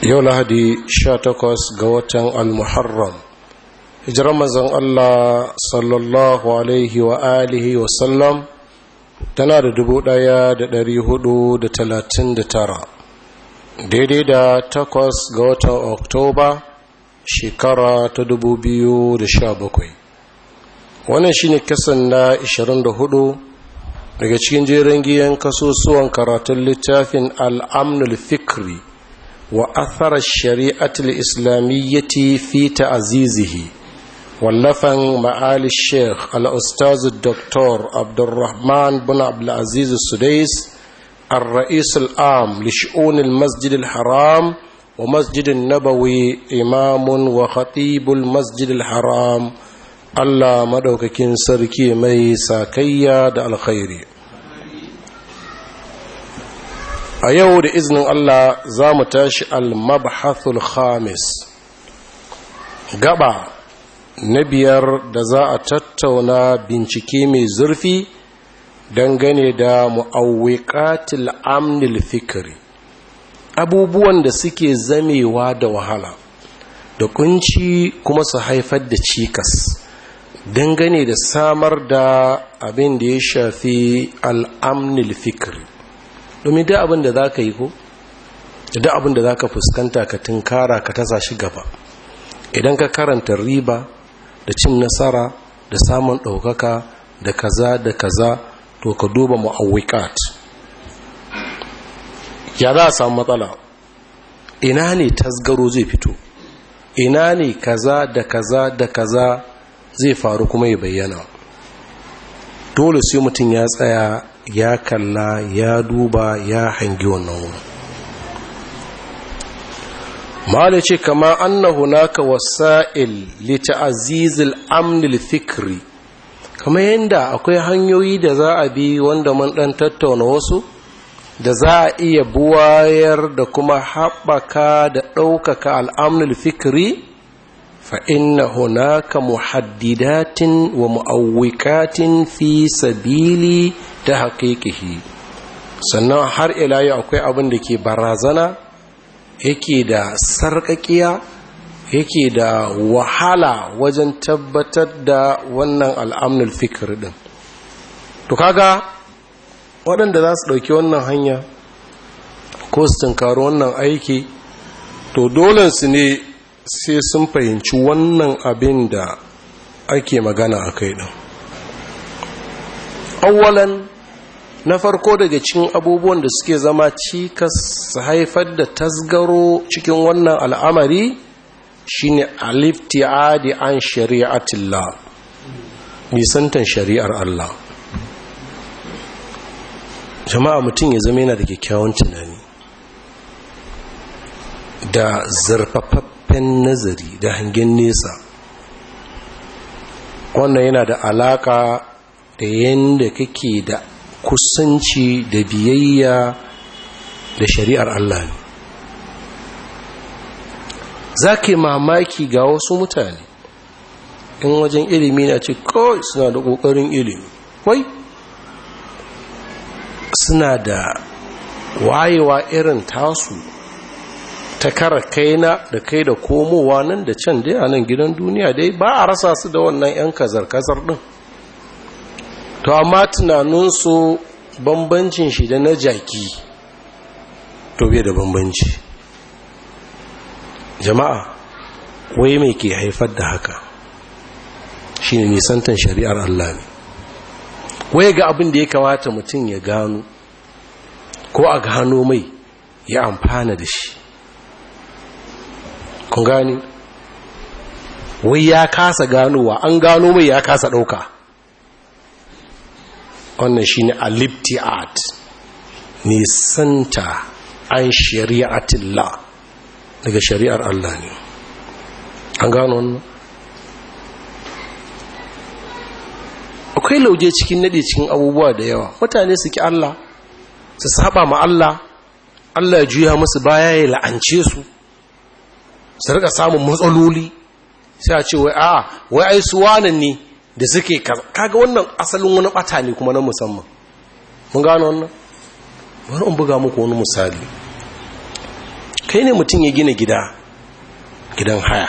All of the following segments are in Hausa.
yau lahadi 18 ga watan al-muharram hijiran mazan Allah sallallahu alaihi wa alihi wa sallam tana da dubu da dari hudu talatin tara, daidai da takwas ga watan oktoba shekara ta dubu biyu da sha bakwai. wannan shine kasan na 24 daga cikin jerin giyan kasusuwan karatun littafin alamnul fikri wa athara shari'atul islamiyyati fi ta'azizihi wallafan ma'ali sheikh al-ustaz dr abdurrahman bin abdulaziz sudais الرئيس العام لشؤون المسجد الحرام ومسجد النبوي إمام وخطيب المسجد الحرام الله مدوككين Sarki mai sakayya da الخيري a yau da izinin Allah za mu tashi al-mabhathul khamis gaba na biyar da za a tattauna bincike mai zurfi dangane da mu'awwiqatil amnil fikri abubuwan da suke zamewa da wahala da kunci kuma su haifar da cikas dangane da samar da abin da ya shafi al'amnil fikri domin da abin da za ka yi ko da abin da za ka fuskanta ka tunkara ka tasa shi gaba idan ka karanta riba da cin nasara da samun ɗaukaka da kaza da kaza to ka duba mu'awwiqat ya za a samu matsala ina ne tasgaro zai fito ina ne kaza da kaza da kaza zai faru kuma ya bayyana dole sai mutum ya tsaya ya kalla ya duba ya hangi wannan wurin mala ce kama annahu naka wasa'il lita azizil amnil fikri kamar yadda akwai hanyoyi da za a bi wanda mun dan tattauna wasu da za a iya buwayar da kuma haɓaka da ɗaukaka al'amnul fikiri. hunaka هناك wa ومؤوكات fisabili سبيل تحقيقه sannan har ila yau akwai abin da ke barazana yake da sarƙaƙiya yake da wahala wajen tabbatar da wannan al'amnul fikir ɗin to kaga waɗanda za su ɗauki wannan hanya ko su tunkari wannan aiki to dolensu ne sai sun fahimci wannan abin da ake magana a kai ɗin awwalan na farko daga cikin abubuwan da suke zama cikas su haifar da tasgaro cikin wannan al'amari shine adi an shari'atillah nisantan shari'ar Allah jama'a mutum ya zama yana da kyakkyawan tunani da zurfafaffe zurfaffen nazari da hangen nesa wannan yana da alaka da yadda kake da kusanci da biyayya da shari'ar Allah ne za ka mamaki ga wasu mutane in wajen ilimi na ce kawai suna da ƙoƙarin ilimi wai suna da wayewa irin tasu ta kara na da kai da komowa nan da can dai a nan gidan duniya dai ba a rasa su da wannan 'yan kazar-kazar ɗin to amma tunaninsu bambancin shi da na jaki to biya da bambanci jama'a wai mai ke haifar da haka shi ne nisantan shari'ar Allah ne wai ga abin da ya kawata mutum ya gano ko a gano mai ya amfana da shi kun gani wai ya kasa ganowa an gano mai ya kasa ɗauka wannan shi ne ne nisanta an shari'atilla daga shari'ar Allah ne an gano wannan akwai lauje cikin nade cikin abubuwa da yawa mutane su ki Allah su saba ma Allah Allah ya juya musu baya ya la'ance su su rika samun matsaloli sai a ce wai a ah, wai ai su wanan ne da suke kaga wannan asalin wani bata ne kuma na musamman mun gano wannan bari in buga muku wani misali kai ne mutum ya gina gida gidan haya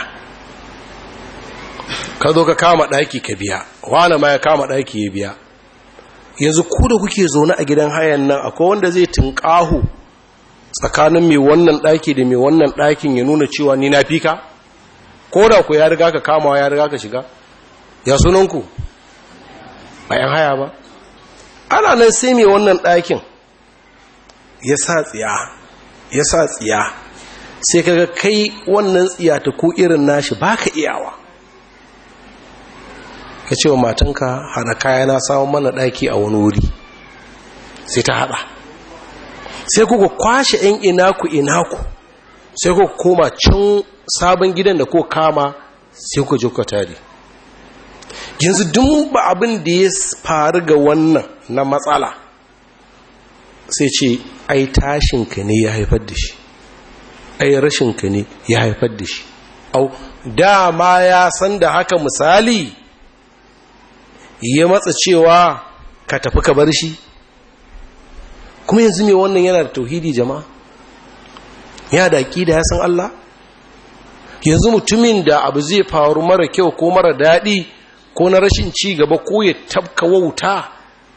ka zo ka kama ɗaki ka biya wane ma ya kama ɗaki ya biya yanzu ku da kuke zaune a gidan hayan nan akwai wanda zai tunƙahu tsakanin mai wannan ɗaki da mai wannan ɗakin ya nuna cewa ni na fi ka ko da ku ya riga ka kamawa ya riga ka shiga ya sunanku ba yan haya ba ana nan sai mai wannan ɗakin ya sa tsiya ya sa tsiya sai kaga kai wannan tsiya ta ku irin nashi baka iyawa ka ce wa matanka hana kaya na samun mana ɗaki a wani wuri sai ta haɗa sai kuka kwashe ‘yan ina ku ina ku sai kuka koma can sabon gidan da ko kama sai kuka jikwa tare yanzu dun ba abin da ya faru ga wannan na matsala sai ce ai tashinka ne ya haifar da shi ai rashinka ne ya haifar da shi au dama ya san da haka misali ya matsa cewa ka tafi ka bar shi kuma yanzu mai wannan yana da tauhidi jama'a ya da da ya san Allah yanzu mutumin da abu zai faru mara kyau ko mara daɗi ko na rashin ci gaba ko ya tabka wauta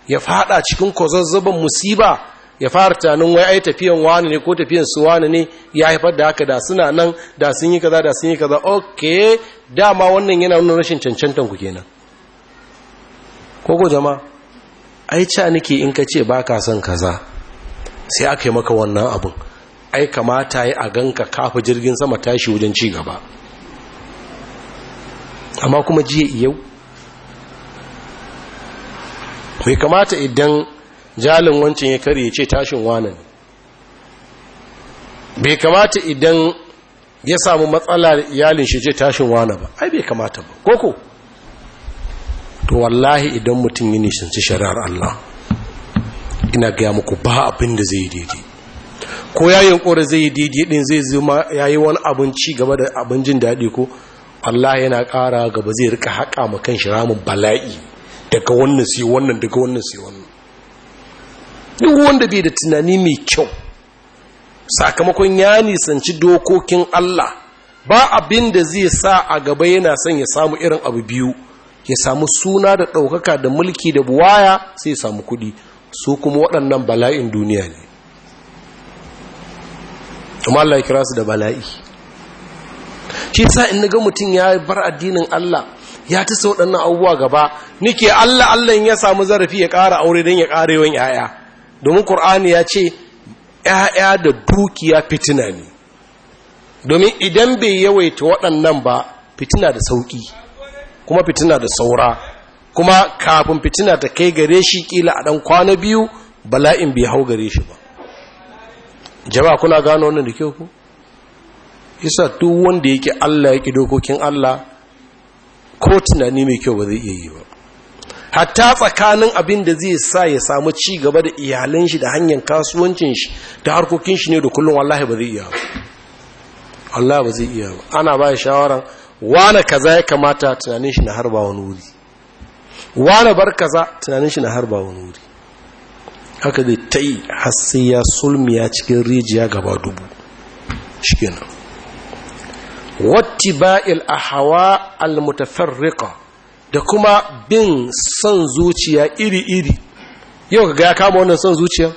ya fada cikin kwazazzaban musiba ya fara tunanin wai ai tafiyan wani ne ko tafiyan su wani ne ya haifar da haka da suna nan da sun yi kaza da sun yi kaza okay dama wannan yana nuna rashin cancantan ku kenan ko ko jama'a ai ca nake in ka ce ba ka son kaza sai aka yi maka wannan abin ai kamata yi a ganka kafa jirgin sama tashi wajen ci gaba amma kuma jiya yau bai kamata idan jalin wancan ya kare ce tashin wanan bai kamata idan ya samu matsala iyalin shi ce tashin wana ba ai bai kamata ba koko to wallahi idan mutum yi nisanci shari'ar Allah ina gaya muku ba abin da zai yi daidai ko ya zai yi daidai din zai zama ya yi wani abin ci gaba da abin jin daɗi ko Allah yana ƙara gaba zai rika haƙa ma kan shi ramin bala'i daga wannan sai wannan daga wannan sai wannan duk wanda bai da tunani mai kyau sakamakon ya nisanci dokokin Allah ba abin da zai sa a gaba yana son ya samu irin abu biyu ya samu suna da ɗaukaka da mulki da buwaya sai ya samu kuɗi su kuma waɗannan bala'in duniya ne kuma Allah ya kira su da bala'i ke sa in ga mutum ya bar addinin Allah ya ta sa waɗannan abubuwa gaba nike Allah Allah ya samu zarafi ya ƙara aure don ya ƙara yawan 'ya'ya domin Kur'ani ya ce 'ya'ya da dukiya fitina ne domin idan bai yawaita waɗannan ba fitina da sauƙi kuma fitina da saura kuma kafin fitina ta kai gare shi kila a ɗan kwana biyu bala'in bai hau gare shi ba jama'a kuna gano wannan da kyau ku isa duk wanda yake Allah ya ƙi dokokin Allah ko tunani mai kyau ba zai iya yi ba hatta tsakanin abin da zai sa ya samu ci gaba da iyalan shi da hanyar kasuwancin shi da harkokin shi ne da kullum wallahi ba zai iya ba Allah ba zai iya ba ana ba shawaran wane kaza ya kamata tunanin shi na harba wani wuri wane bar kaza tunanin shi na harba wani wuri haka zai ta yi hassiya sulmiya cikin rijiya gaba dubu shikenan a hawa almutafarrika da kuma bin son zuciya iri-iri yau ga ya kama wannan son zuciya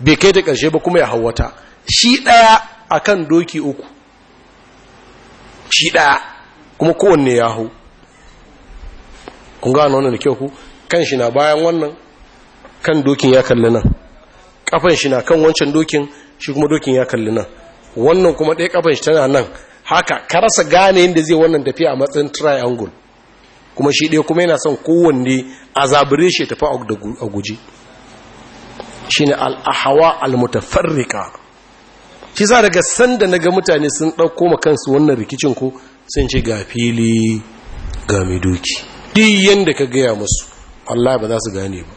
bai kai da ƙarshe ba kuma ya wata. shi ɗaya kan doki uku shi ɗaya kuma kowanne ya hau kun gano wannan da kyau ku kan shi na bayan wannan kan dokin ya kalli nan kafan shi na kan wancan dokin shi kuma dokin ya kalli nan wannan kuma ɗaya kafan shi tana nan haka ka rasa gane yadda zai wannan tafiya a matsayin triangle kuma shi ɗaya kuma yana son kowanne a zabire shi tafi a guji shi ne al'ahawa mutafarrika. shi sa daga sanda na ga mutane sun ɗauko kansu wannan rikicin ko sun ce ga fili ga mai doki duk yadda ka gaya musu wallahi ba za su gane ba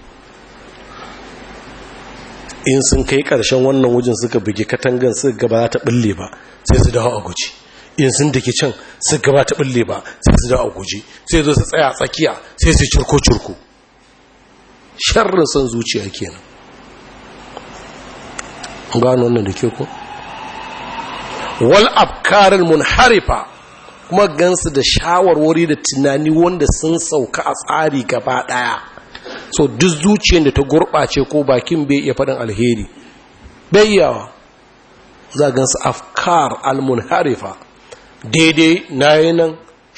in sun kai karshen wannan wujin suka bugi katangan su gaba ta bulle ba sai su dawo a guji in sun dake can su gaba ta bulle ba sai su dawo a guji sai zo su tsaya tsakiya sai su cirko cirko. sharrin son zuciya kenan gano wannan da ke ko wal afkarul munharifa kuma gansu da shawarwari da tunani wanda sun sauka a tsari gaba ɗaya so duk zuciyar da ta gurɓace ko bakin bai iya faɗin alheri bayyawa za gansu afkar almunharifa daidai na yi nan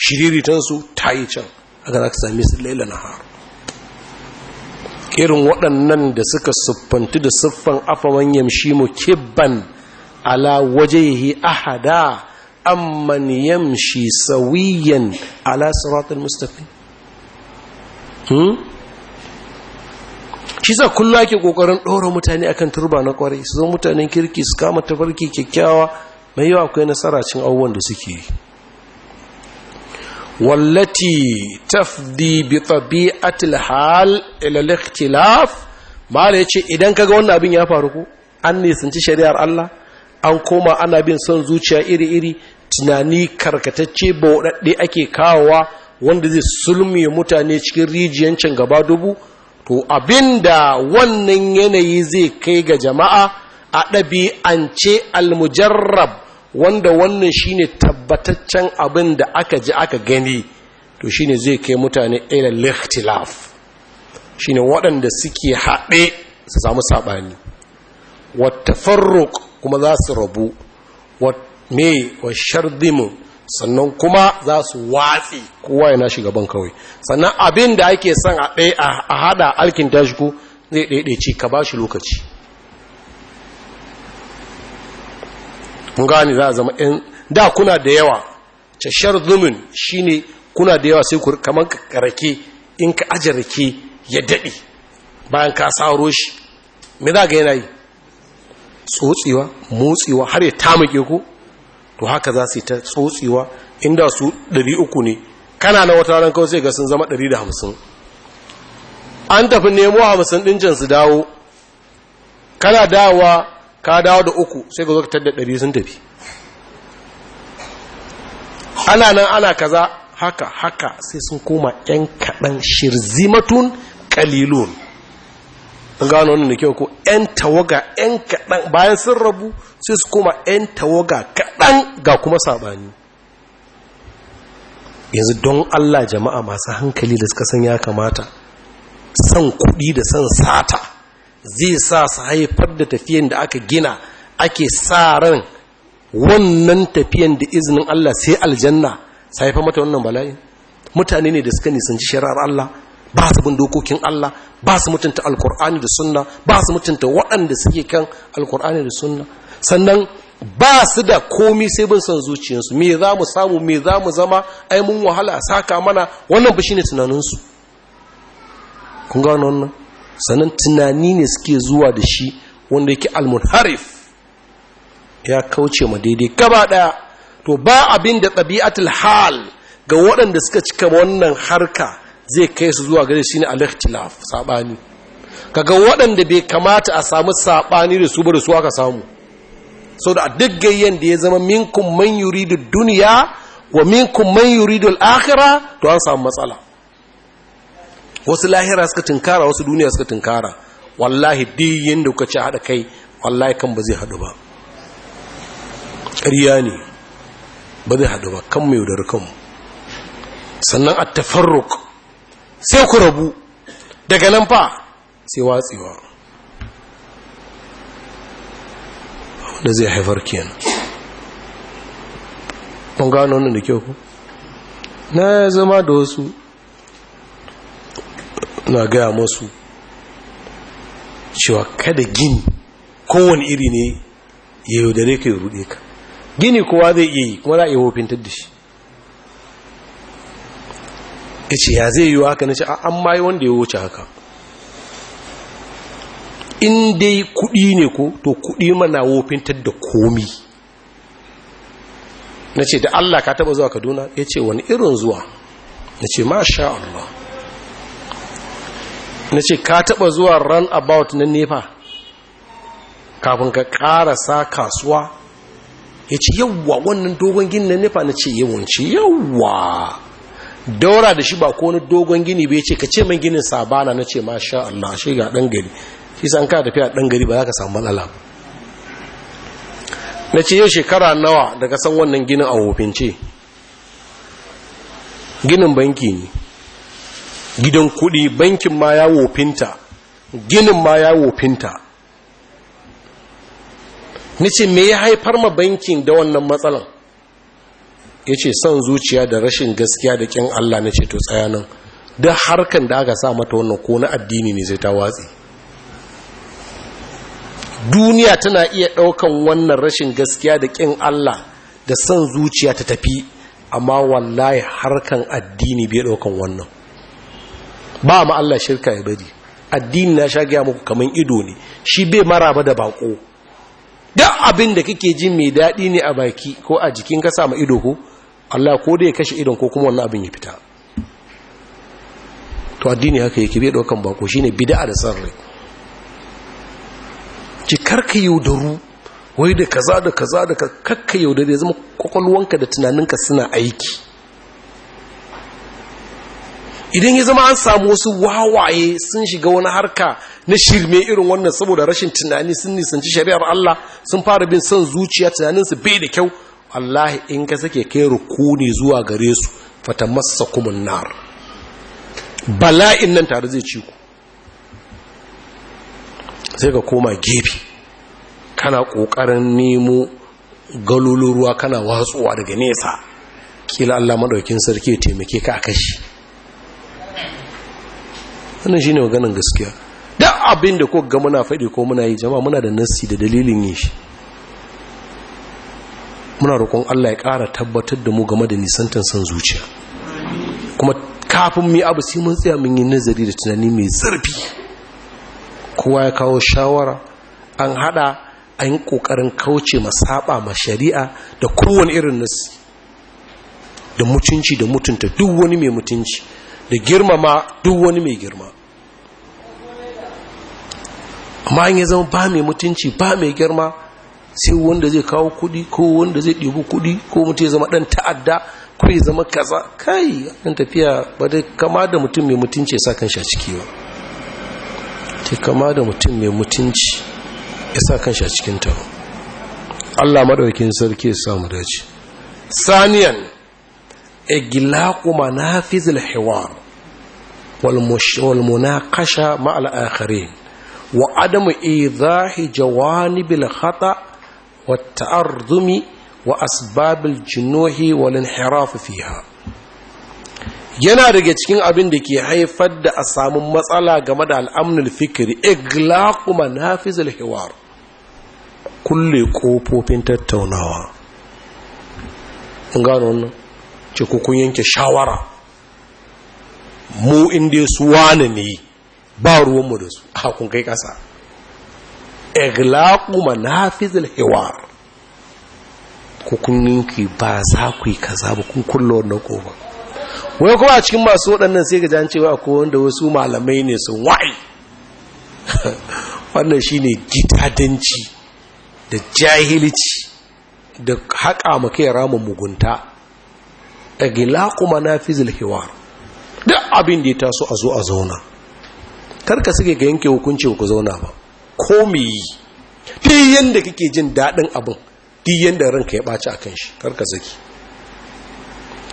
shiriritansu ta yi can aka za ka sami su laila na haru irin waɗannan da suka siffanti da siffan afawan yamshi mu kibban ala waje yi ahada amman yamshi sawiyan ala siratul mustaqim hmm shi sa kullu ake kokarin ɗora mutane akan turba na kwarai su zo mutanen kirki su kama tafarki kyakkyawa mai yawa akwai nasara cin abubuwan da suke yi wallati tafdi bi tabi'atil hal ila al-ikhtilaf mala yace idan kaga wannan abin ya faru ko an nisanci shari'ar Allah an koma ana bin son zuciya iri-iri tunani karkatacce ba waɗaɗɗe ake kawowa wanda zai sulmiye mutane cikin rijiyancin gaba dubu to abinda wannan yanayi zai kai ga jama'a a ɗabi'ance almujarrab wanda wannan shine tabbataccen abin da aka ji aka gani to shine zai kai mutane ila likhtilaf shine waɗanda suke haɗe su samu saɓani wata farruk kuma za su rabu me wa shardimu sannan kuma za su watsi kowa yana ban kawai sannan abin da ake son a hada a alkin tashi ko zai ɗaiɗaici ka ba shi lokaci mun za a zama ɗin da kuna da yawa ce shardimin shi ne kuna da yawa sai kamar ka rake in ka aje rake ya daɗe bayan ka saro shi me za ga yana tsotsewa motsewa har ya tamake ku to haka za su yi ta tsotsewa inda su 300 ne kana na wata ran kawai sai ga sun zama 150 an tafi nemo 50 din can su dawo kana dawa ka dawo da uku sai ka zo ka tadda 100 sun tafi ana nan ana kaza haka haka sai sun koma 'yan kaɗan shirzimatun kalilun an gano wannan da kyau ko 'yan tawaga 'yan kaɗan bayan sun rabu sai su koma 'yan tawaga kaɗan ga kuma saɓani yanzu don allah jama'a masu hankali da suka san ya kamata san kuɗi da san sata zai sa su haifar da tafiyan da aka gina ake sa ran wannan tafiyan da izinin allah sai aljanna sai haifar mata wannan bala'in mutane ne da suka nisanci shari'ar allah ba su bin dokokin Allah ba su mutunta alkur'ani da sunna ba su mutunta waɗanda suke kan alkur'ani da sunna sannan ba su da komi sai bin son zuciyarsu me za mu samu me za mu zama ai mun wahala saka mana wannan ba shine tunaninsu kun ga wannan sannan tunani ne suke zuwa da shi wanda yake almunharif ya kauce ma daidai gaba daya to ba abin da ɗabi'atul hal ga waɗanda suka cika wannan harka zai kai su zuwa gare shi ne al sabani kaga waɗanda bai kamata a samu sabani da su ba da su aka samu sau da duk gayyen da ya zama minkum man yuridu dunya wa minkum man yuridu al-akhirah to an samu matsala wasu lahira suka tunkara wasu duniya suka tunkara wallahi diyin da kuka ci hada kai wallahi kan ba zai hadu ba ƙarya ne ba zai hadu ba kan mai yaudar kanmu sannan a tafarruk sai ku rabu daga nan fa sai watsewa wanda zai haifar kenan kun gano wannan da kyau ku na zama da wasu na gaya masu cewa kada gini kowane iri ne ya yaudare ka ya rude ka gini kowa zai iya yi kuma za a iya wofin tattashi ya ce ya zai yi haka na ce an mayi wanda ya wuce haka in dai kuɗi ne ko to kuɗi mana wofintar da komi na ce da allah ka taɓa zuwa kaduna ya ce wani irin zuwa na ce masha allah na ce ka taɓa zuwa run about na nefa kafin ka sa kasuwa ya ce yawwa wannan dogon ginin na nefa na ce yawanci yawwa daura da shi ba ko wani dogon gini bai ce ka ce man ginin sabana na ce masha Allah shi ga dan gari shi san ka a dan gari ba za ka samu matsala ba na ce yau shekara nawa daga san wannan ginin a hofince ginin banki ne gidan kudi bankin ma ya wofinta ginin ma ya wofinta ni ce me ya haifar ma bankin da wannan matsalan ya ce son zuciya da rashin gaskiya da ƙin Allah na ceto tsayanin duk harkan da aka sa mata wannan ko na addini ne zai ta watsi duniya tana iya ɗaukan wannan rashin gaskiya da ƙin Allah da son zuciya ta tafi amma wallahi harkan addini bai ɗaukan wannan ba ma Allah shirka ya bari addini na sha gaya muku kamar ido ne shi bai ba da bako duk abin da kake jin mai daɗi ne a baki ko a jikin ka sama ido ko Allah ko dai ya kashe idon ko kuma wannan abin ya fita to addini haka yake bai daukan bako shine bid'a da sarri ki karka yaudaru wai da kaza da kaza da kakka yaudaru ya zama kwakwalwanka da tunaninka suna aiki idan ya zama an samu wasu wawaye sun shiga wani harka na shirme irin wannan saboda rashin tunani sun nisanci shari'ar Allah sun fara bin son zuciya tunaninsu bai da kyau allah in ka sake kai rukuni zuwa gare su fata masa kumin nar bala'in nan tare zai ci ku sai ka koma gefe kana ƙoƙarin nemo galolin ruwa kana watsuwa daga nesa kila allah maɗaukin sarki ya taimake ka a kashi wannan shine maganar gaskiya duk abin da ko ga muna faɗi ko muna yi jama'a muna da nassi da dalilin yin shi muna roƙon Allah ya ƙara tabbatar da mu game da nisantan san zuciya kuma kafin mu yi abu sai mun tsaya mun yi nazari da tunani mai zarfi kowa ya kawo shawara an haɗa an yi ƙoƙarin kauce ma saba ma shari'a da kowane irin nasi da mutunci da mutunta duk wani mai mutunci da girmama duk wani mai girma amma an yi zama ba mai mutunci ba mai girma sai wanda zai kawo kudi ko wanda zai ɗibu kudi ko mutum ya zama ɗan ta'adda ko ya zama kaza kai ɗan tafiya ba dai kama da mutum mai mutunci ya sa shi a ciki ba ta kama da mutum mai mutunci ya sa shi a cikin ta Allah maɗaukin sarki ya samu dace saniyan iglaku manafizil hiwar والمناقشة مع الآخرين وعدم jawani bil hata والتأرذم وأسباب الجنوح والانحراف فيها yana daga cikin abin da ke haifar da a samu matsala game da al'amnul fikiri iglaqu manafiz al-hiwar kulle kofofin tattaunawa in gano wannan ce ku kun yanke shawara mu inda su wane ne ba ruwanmu da su a kun kai kasa iglaku manafizil الحوار ko kun ba za ku yi kaza ba kun kullo wannan kofa wai kuma a cikin masu waɗannan sai ga jan cewa ko wanda wasu malamai ne sun wa'i wannan shine gidadanci da jahilci da haƙa maka kai ramin mugunta na manafizil hiwar duk abin da ya taso a zo a zauna Kar ka suke ga yanke hukunci ku zauna ba ko me yi duk yadda kake jin daɗin abin duk yadda ranka ya ɓaci a kan shi karka zaki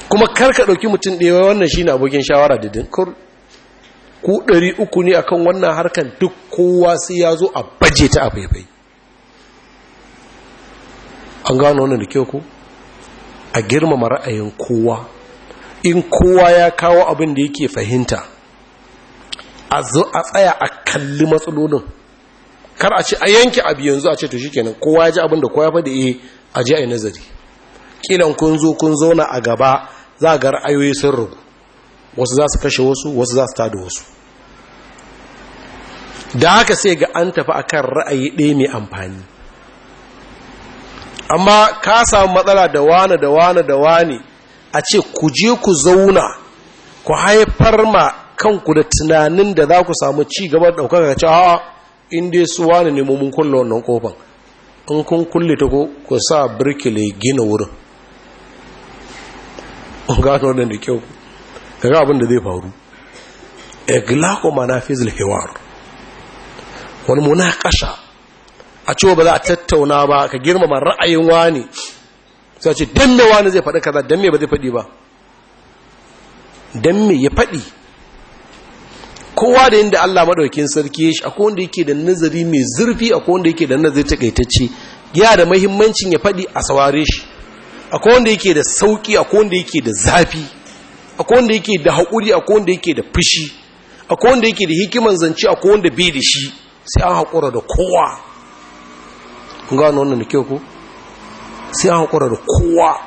kuma karka ɗauki mutum ɗaya wannan shi na abokin shawara da dinkur ku ɗari uku ne akan wannan harkan duk kowa sai ya zo a baje ta a faifai an gano wannan da kyau ku a girmama ra'ayin kowa in kowa ya kawo abin da yake fahimta a tsaya a kalli matsalolin kar a ce a yanke abu yanzu a ce to shikenan kowa ya ji abin da kowa ya da eh, a je a yi nazari kilan kun zo kun zauna a gaba za ga ra'ayoyi sun ragu wasu za su kashe wasu wasu za su tada wasu da haka sai ga an tafi akan ra'ayi ɗaya mai amfani amma ka samu matsala da wani da wani da wani a ce ku je ku zauna ku haifar ma kanku da tunanin da za ku samu ci gaba da ɗaukaka cewa in dai su wani ne mun kulle wannan kofan in kun kulle ta ko ku sa birkile gina wurin kun gano wannan da kyau ga abin da zai faru iglaqu manafiz al wani muna kasha a cewa ba za a tattauna ba ka girmama ra'ayin wani sai ce dan wani zai faɗi kaza dan me ba zai faɗi ba dan me ya faɗi kowa da yadda Allah madaukin sarki shi akwai wanda yake da nazari mai zurfi akwai wanda yake da nazari takaitacce ya da mahimmancin ya faɗi a saware shi akwai wanda yake da sauki akwai wanda yake da zafi akwai wanda yake da haƙuri akwai wanda yake da fushi akwai wanda yake da hikiman zance akwai wanda bai da shi sai an haƙura da kowa kun gano wannan da kyau ko sai an haƙura da kowa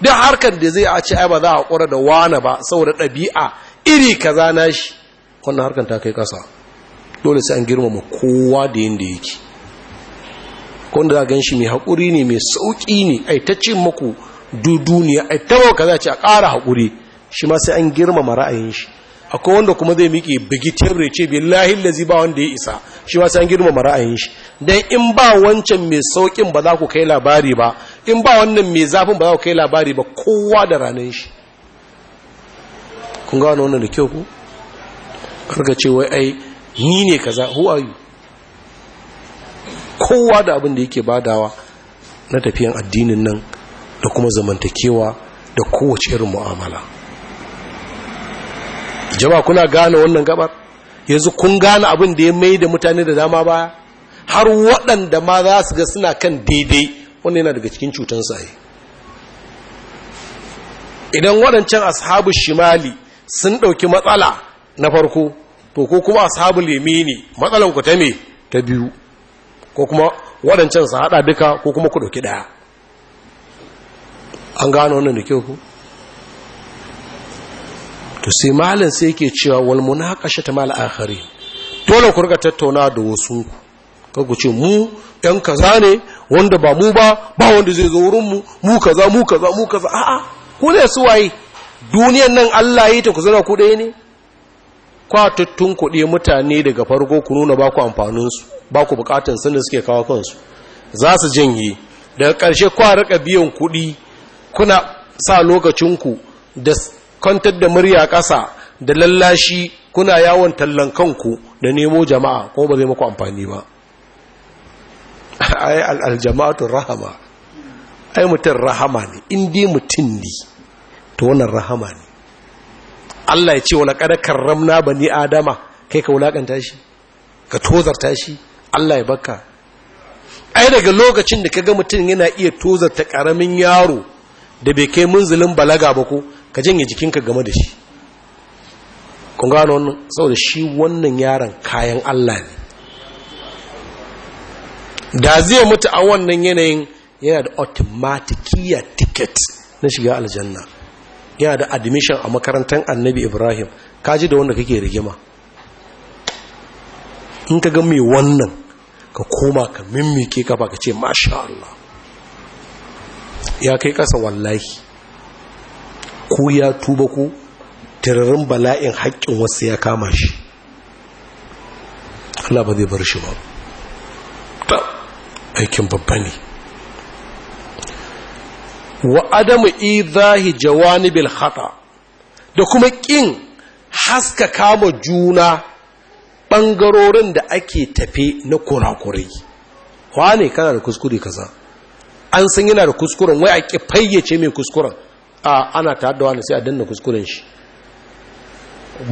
duk harkar da zai a ce ai ba za a haƙura da wani ba saboda ɗabi'a iri kaza na shi wannan harkar ta kai ƙasa dole sai an girmama kowa da yin da yake wanda za gan shi mai haƙuri ne mai sauƙi ne a ta ce maku duduniya a ta maka za ce a ƙara haƙuri shi ma sai an girmama ra'ayin shi akwai wanda kuma zai miƙe bigitin rece lahil lazi ba wanda ya isa shi ma sai an girmama ra'ayin shi dan in ba wancan mai sauƙin ba za ku kai labari ba in ba wannan mai zafin ba za ku kai labari ba kowa da ranar shi kun gano wannan da kyau ku karka ce wai ai ni ne kaza who are you kowa da abin da yake badawa na tafiyan addinin nan da kuma zamantakewa da kowace irin mu'amala jama kuna gane wannan gabar yanzu kun gane abin da ya mai da mutane da dama baya har waɗanda ma za su ga suna kan daidai wanda yana daga cikin cutan sai idan waɗancan ashabu shimali sun ɗauki matsala na farko to ko kuma ashabul yamini matsalan ku ta me ta biyu ko kuma wadancan su hada duka ko kuma ku dauki daya an gano wannan da kyau ku to sai malam sai yake cewa wal ta mal akhari dole ku riga tattauna da wasu ka ku ce mu ɗan kaza ne wanda ba mu ba ba wanda zai zo wurin mu mu kaza mu kaza mu kaza a'a ku ne su waye duniyan nan Allah yi ta ku zana ku ɗaya ne kwa tuttun kuɗi mutane daga farko ku nuna ba ku amfaninsu ba ku bukatan sun da suke kawo kansu za su janye daga ƙarshe kwa rika biyan kuɗi kuna sa lokacinku da kwantar da murya ƙasa da lallashi kuna yawon tallan kanku da nemo jama'a ko ba zai maku amfani ba ai aljama'atu rahama ai mutum rahama ne in dai mutum ne to wannan rahama ne Allah ya ce wala kada karramna bani adama kai ka wulakanta shi ka tozarta shi Allah ya baka ai daga lokacin da ka ga mutum yana iya tozarta ƙaramin yaro da bai kai munzulin balaga ba ko ka janye jikinka game da shi kun gano wannan saboda shi wannan yaron kayan Allah ne da zai mutu a wannan yanayin yana da automatic ticket na shiga aljanna yana da admission a makarantar annabi ibrahim ka ji da wanda kake rigima in ka ga mai wannan ka koma ka mimmike kafa ka ce masha Allah ya kai ƙasa wallahi ko ya tuba ko tararin bala'in haƙƙin wasu ya kama shi Allah ba zai bar shi ba aikin babba ne wa adamu idahi jawanibil khata da kuma kin haska kama juna bangarorin da ake tafe na kurakurai wane kana da kuskure kaza an san yana da kuskuren wai a ƙi fayyace mai kuskuren a ana ta haddawa wani sai a danna kuskuren shi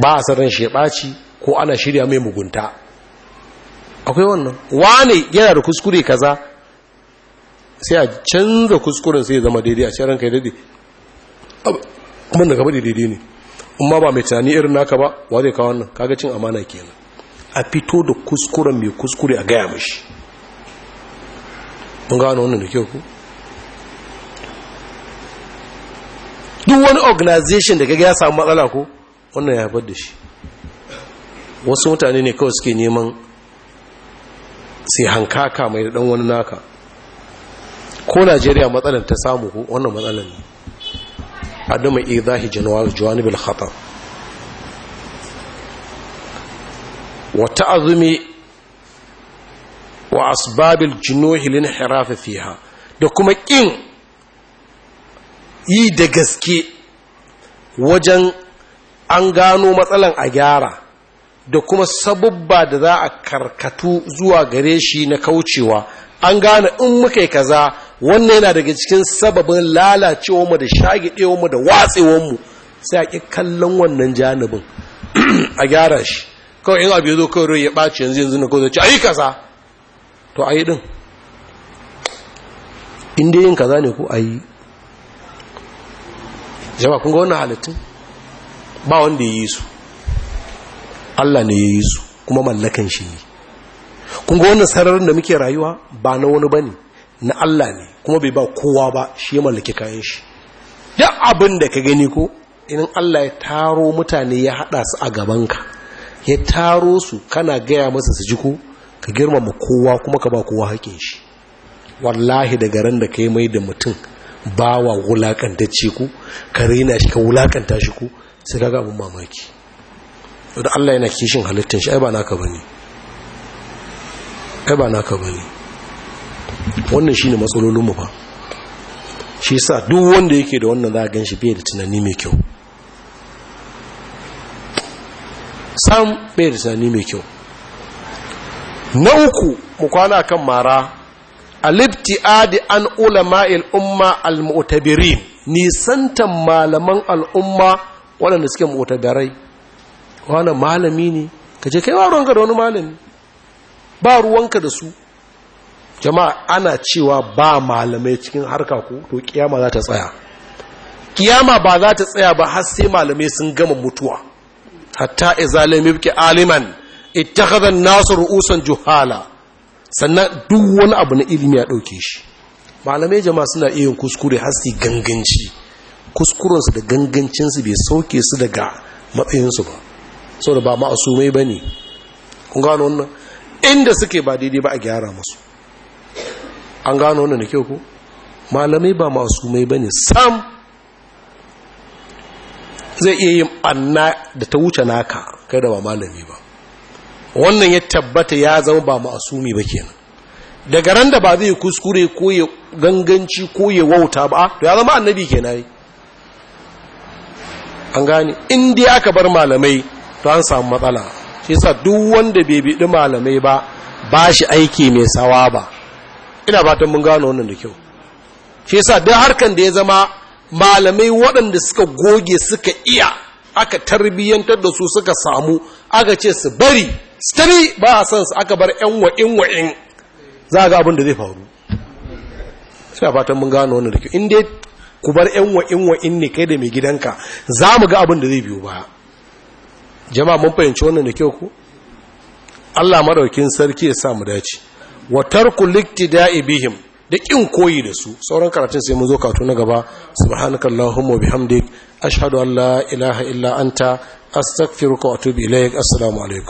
ba a sarran shi ya ɓaci ko ana shirya mai mugunta akwai wannan wane yana da kuskure kaza sai a canza kuskuren sai ya zama daidai a cikin kai daidai abin da gaba daidai ne amma ba mai tunani irin naka ba wa zai kawo wannan kaga cin amana kenan a fito da kuskuren mai kuskure a gaya mashi mun gano wannan da kyau ku duk wani organization da kaga ya samu matsala ko wannan ya haifar da shi wasu mutane ne kawai suke neman sai hankaka mai da dan wani naka ko najeriya matsalar ta samu wannan matsalar ne adama idahi juwani bil khatar wa azumi wa asbabil junuhi harafi fiha da kuma kin yi da gaske wajen an gano matsalan a gyara da kuma sabubba da za a karkatu zuwa gare shi na kaucewa an gane in muka yi kaza wannan yana daga cikin sababin mu da mu da watsewar mu sai a ƙi kallon wannan janibin a gyara shi kawai in abu ya zo kawai ya ɓaci yanzu yanzu na kawai ce a yi kaza to a yi ɗin inda yin kaza ne ko a yi jama kun ga wannan halittun ba wanda ya yi su Allah ne ya yi su kuma mallakan shi ne Kunga wannan sararin da muke rayuwa ba na wani bane na Allah ne kuma bai ba kowa ba shi ya mallaki kayan shi duk abin da ka gani ko in Allah ya taro mutane ya hada su a gaban ka, ya taro su kana gaya masa su ji ko ka girmama kowa kuma ka ba kowa hakkin shi wallahi daga ran da ka yi mai da mutum bawa ce ku ka raina shi ka wulakanta shi ku sai ga abin mamaki da Allah yana kishin halittar shi ai ba naka bane Kai ba naka ba ne wannan shi ne matsalolinmu ba shi yasa duk wanda yake da wannan za a gan shi bai da tunani mai kyau sam bai da tunani mai kyau na uku mu kwana kan mara alibti'adi an ulama Umma al-mu'tabirin nisantan malaman al'umma waɗanda suke mu'tabirai wani malami ne ka je kai waron ga da wani malami ba ruwanka da su jama'a ana cewa ba malamai cikin harka ku to kiyama za ta tsaya kiyama ba za ta tsaya ba har sai malamai sun gama mutuwa hatta izalim yabki aliman ittakhadha an-nasu ru'usan juhala sannan duk wani abu na ilimi ya dauke shi malamai jama'a suna iya kuskure har su ganganci kuskuren su da gangancin su bai sauke su daga matsayin su ba saboda ba ma'asumai bane kun gano wannan inda suke ba daidai ba a gyara musu an gano wani da ke ku. malamai ba masu mai ne sam zai iya yin anna da ta wuce naka kai da ba malami ba wannan ya tabbata ya zama ba mai ba kenan daga ran da ba zai kuskure ko ya ganganci ko ya wauta ba to ya zama annabi kenan yi an gane inda dai aka bar malamai to an samu matsala shi sa duk wanda bai biɗi malamai ba ba shi aiki mai sawa ba ina ta mun gano wannan da kyau shi sa duk harkan da ya zama malamai waɗanda suka goge suka iya aka tarbiyyantar da su suka samu aka ce su bari stari ba a sansu su aka bar yan wa'in wa'in za ga abin da zai faru ina fatan mun gano wannan da kyau in dai ku bar yan wa'in wa'in ne kai da mai gidanka za mu ga abin da zai biyo ba jama'a mun fahimci wannan da kyau ku Allah madaukin sarki ya sa mu dace wa tarku liktida'i bihim da kin koyi da su sauran karatun sai mun zo kato na gaba subhanakallahumma bihamdik ashhadu an la ilaha illa anta astaghfiruka wa atubu ilayk assalamu alaikum